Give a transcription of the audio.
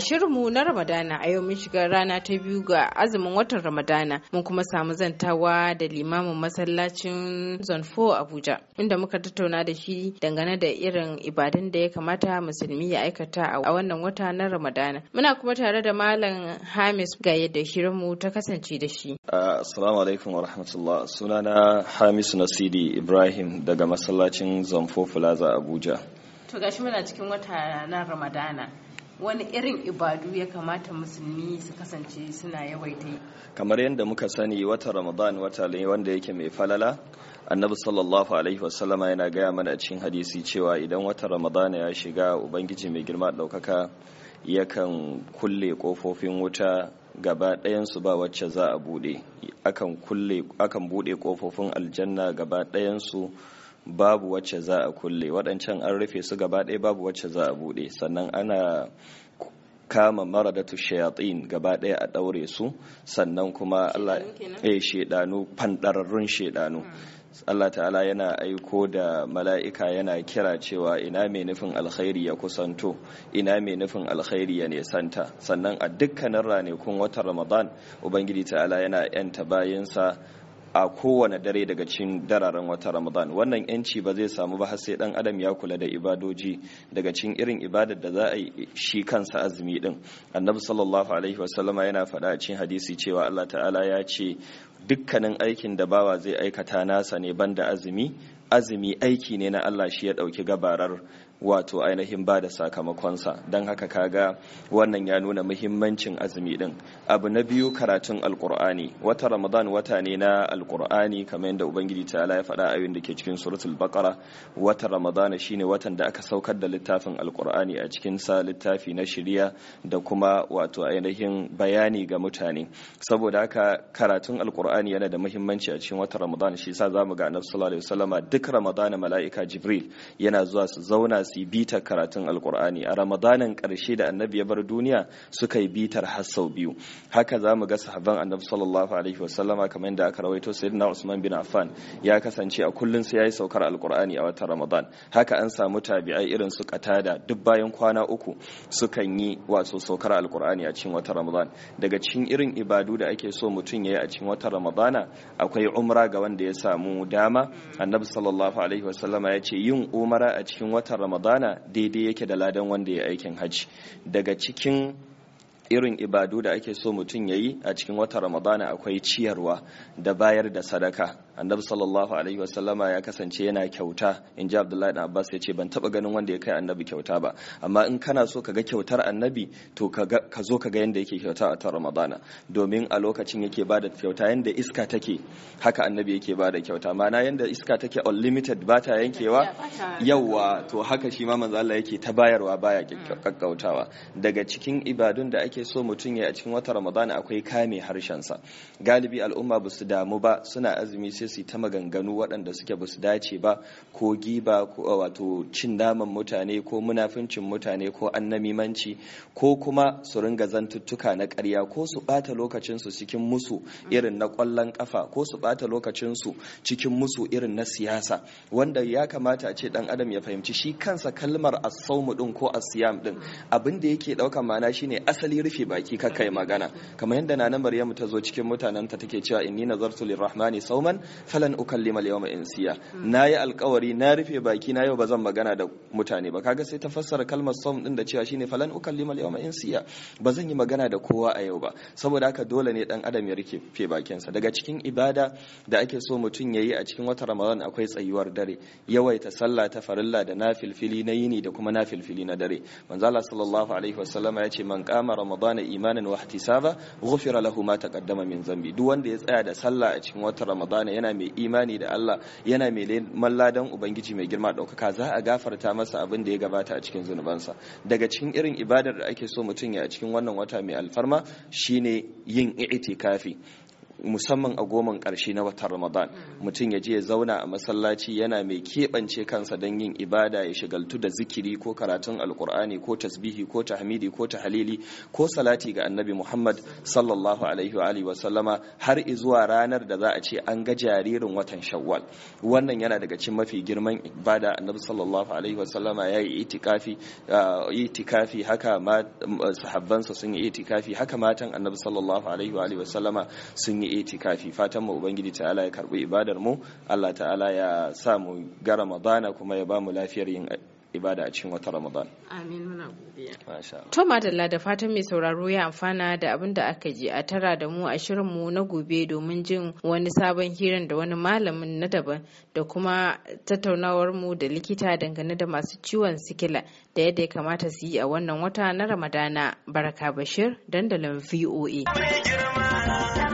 A shirinmu na Ramadana a yau mun shiga rana ta biyu ga azumin watan Ramadana mun kuma samu zantawa da limamin masallacin Zonfo Abuja inda muka tattauna da shi dangane da irin ibadun da ya kamata musulmi ya aikata a wannan wata na Ramadana. Muna kuma tare da Malam Hamis ga yadda shirinmu ta kasance da shi. Ah, assalamu alaikum wa rahmatullah. Sunana Hamis Nasidi Ibrahim daga masallacin 4 Plaza Abuja. To gashi muna cikin wata na Ramadana. wani irin ibadu ya kamata musulmi su kasance suna yawaita yi kamar yadda muka sani wata ramadan wata ne wanda yake mai falala annabi sallallahu alaihi wasallama yana gaya mana a cikin hadisi cewa idan wata ramadan ya shiga ubangiji mai girma ɗaukaka yakan kulle kofofin wuta gaba ɗayansu ba wacce za a buɗe akan buɗe kofofin aljanna gaba ɗayansu babu wacce za a kulle waɗancan an rufe su gaba ɗaya babu wacce za a buɗe sannan ana kama maradatu shayatin gaba ɗaya a ɗaure su sannan kuma Allah ya eh, shaidanu fandararrun shaidanu Allah ta'ala yana aiko da mala'ika yana kira cewa ina mai nufin alkhairi ya kusanto ina mai nufin alkhairi ya nesanta sannan a dukkanin ranakun watan Ramadan ubangiji ta'ala yana yanta bayansa a kowane dare daga cikin dararen wata ramadan wannan yanci ba zai samu ba har sai dan adam ya kula da ibadoji daga cikin irin ibadar da za a yi shi kansa azumi din annabi sallallahu alaihi wasallama yana faɗa a cikin hadisi cewa Allah ta'ala ya ce dukkanin aikin da bawa zai aikata nasa ne banda azumi azumi aiki ne na Allah shi ya ɗauki gabarar wato ainihin ba da sakamakonsa don haka kaga wannan ya nuna muhimmancin azumi din abu na biyu karatun alkur'ani wata ramadan wata ne na alkur'ani kamar yadda ubangiji ta ya faɗa a da ke cikin suratul bakara wata ramadana shine watan da aka saukar da littafin alkur'ani a cikin sa littafi na shirya da kuma wato ainihin bayani ga mutane saboda haka karatun alkur'ani yana da muhimmanci a cikin wata ramadan shi yasa zamu ga annabi sallallahu alaihi wasallama duk ramadan mala'ika jibril yana zuwa su zauna su bitar karatun alkur'ani a ramadanin karshe da annabi ya bar duniya suka yi bitar har sau biyu haka za mu ga sahaban annabi sallallahu alaihi wasallama kamar yadda aka rawaito sayyidina usman bin affan ya kasance a kullun sai yayi saukar alkur'ani a watan ramadan haka an samu tabi'ai irin su katada duk bayan kwana uku sukan yi wato saukar alkur'ani a cikin watan ramadan daga cikin irin ibadu da ake so mutum ya yi a cikin watan ramadana akwai umra ga wanda ya samu dama annabi sallallahu alaihi wasallama ya ce yin umara a cikin watan ramadan ramadana daidai yake da ladan wanda ya aikin hajji daga cikin irin ibadu da ake so mutum ya yi a cikin wata ramadana akwai ciyarwa da bayar da sadaka annabi sallallahu alaihi wasallama ya kasance yana kyauta in ji abdullahi da abbas ya ce ban taba ganin wanda ya kai annabi kyauta ba amma in kana so ka ga kyautar annabi to ka zo ka ga yanda yake kyauta a ta ramadana domin a lokacin yake bada kyauta yanda iska take haka annabi yake bada kyauta ma'ana yanda iska take unlimited ba ta yankewa yawwa to haka shi ma manzo Allah yake ta bayarwa baya kakkautawa daga cikin ibadun da ake ake so mutum ya a cikin wata ramadana akwai kame harshensa galibi al'umma ba su damu ba suna azumi sai su yi ta maganganu waɗanda suke ba su dace ba ko giba ko eh, wato cin naman mutane ko munafincin mutane ko annamimanci ko kuma su ringa zantuttuka na ƙarya ko su ɓata lokacinsu cikin musu irin na ƙwallon ƙafa ko su ɓata lokacinsu cikin musu irin na siyasa wanda ya kamata a ce dan adam ya fahimci shi kansa kalmar as sawm ɗin ko as-siyam ɗin abin da yake ɗauka ma'ana shine asali rufe baki kakka yi magana kamar yadda na nan Maryamu ta zo cikin mutanen ta take cewa inni nazartu lirrahmani sauman falan ukallima yawma insiya nayi alƙawari na rufe baki na yau ba zan magana da mutane ba kaga sai ta fassara kalmar saum din da cewa shine falan ukallima al-yawma insiya ba zan yi magana da kowa a yau ba saboda haka dole ne dan adam ya rufe bakinsa daga cikin ibada da ake so mutum ya yi a cikin wata ramadan akwai tsayuwar dare yawaita sallah ta farilla da nafilfili na yini da kuma nafilfili na dare manzala sallallahu alaihi wasallam ya ce man kama ramadan رمضان ايمانا واحتسابا غفر له lahu ma من min zambi duk wanda ya tsaya da sallah a cikin watan ramadana yana mai imani da Allah yana mai malladan ubangiji mai girma daukaka za a gafarta masa abin da ya gabata a cikin zunubansa daga cikin irin ibadar da ake so mutum ya a cikin wannan wata mai alfarma shine yin i'tikafi musamman a goman ƙarshe na watan ramadan mm. mutum ya je ya zauna a masallaci yana mai keɓance kansa don yin ibada ya shigaltu da zikiri ko karatun alkur'ani ko tasbihi ko tahmidi ko tahalili ko salati ga annabi muhammad sallallahu alaihi wa alihi wasallama har izuwa ranar da za a ce an ga jaririn watan shawwal wannan yana daga cikin mafi girman ibada annabi sallallahu alaihi wasallama ya yi itikafi itikafi haka sahabbansa sun yi itikafi haka matan annabi sallallahu alaihi wa alihi wasallama sun yi itikafi fatan mu ubangiji ta'ala ya karbi ibadar mu Allah ta'ala ya sa mu ga Ramadana kuma ya ba mu lafiyar yin ibada a cikin wata Ramadan. Amin muna godiya. To madalla da fatan mai sauraro ya amfana da abin da aka ji a tara da mu a shirin mu na gobe domin jin wani sabon hirin da wani malamin na daban da kuma tattaunawar mu da likita dangane da masu ciwon sikila da yadda ya kamata su yi a wannan wata na Ramadana. Baraka Bashir dandalin VOA.